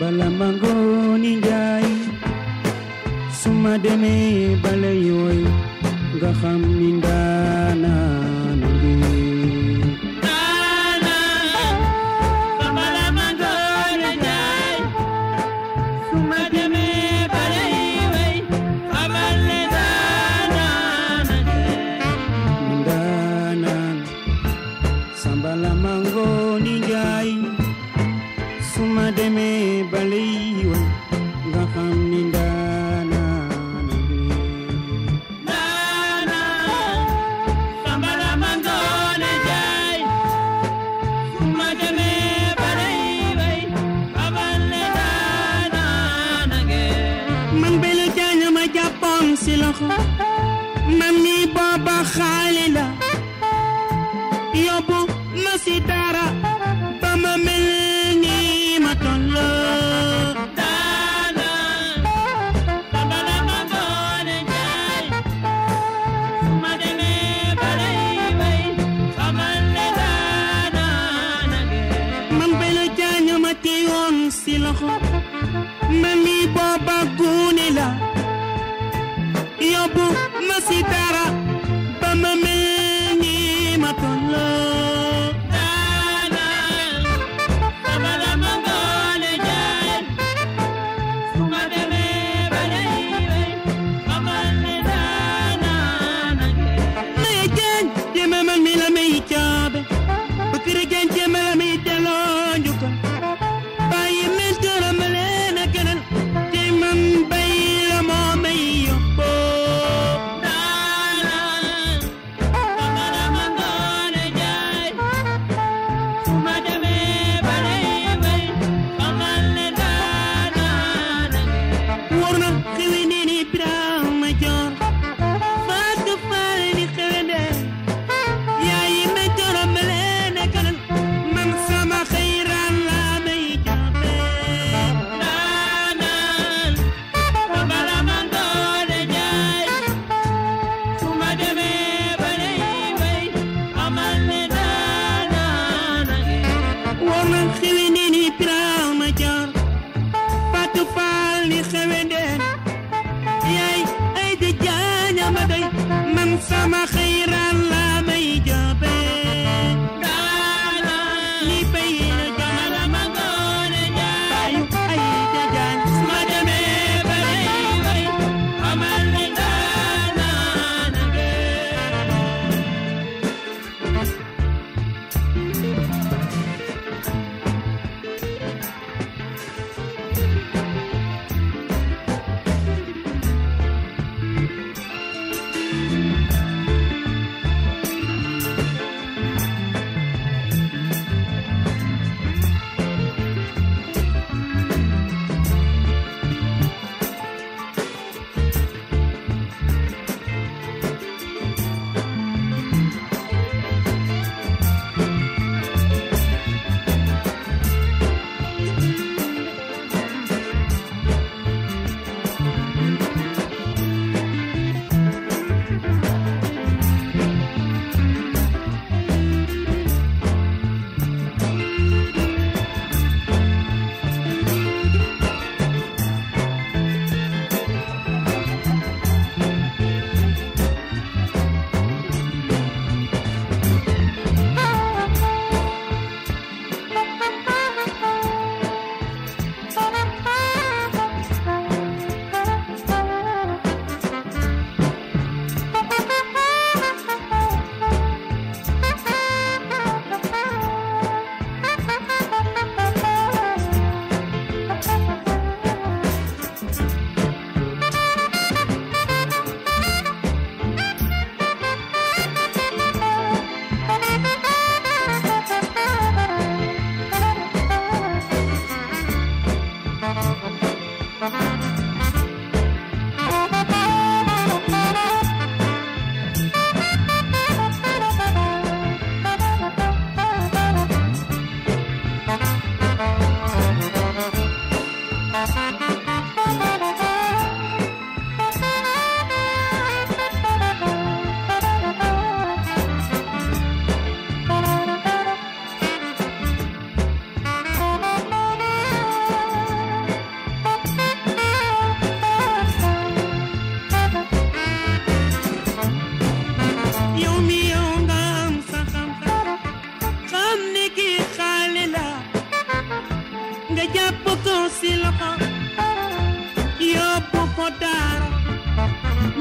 lamba lamba ngooni njaay suma demee bala yooyu nga xam demee ba lay wan nga xam ni ndaanaan ndaanaan sambala man doone jaay ma demee ba lay way abal ne ndaanaan man bele jaaña ma jàppoon si loxo man mi booba xaale la love. sama xel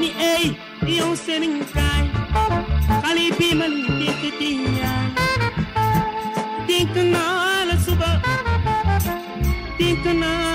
ni ey yow Serigne Ndiaye xale di ñaan dénk naa la suba dénk naa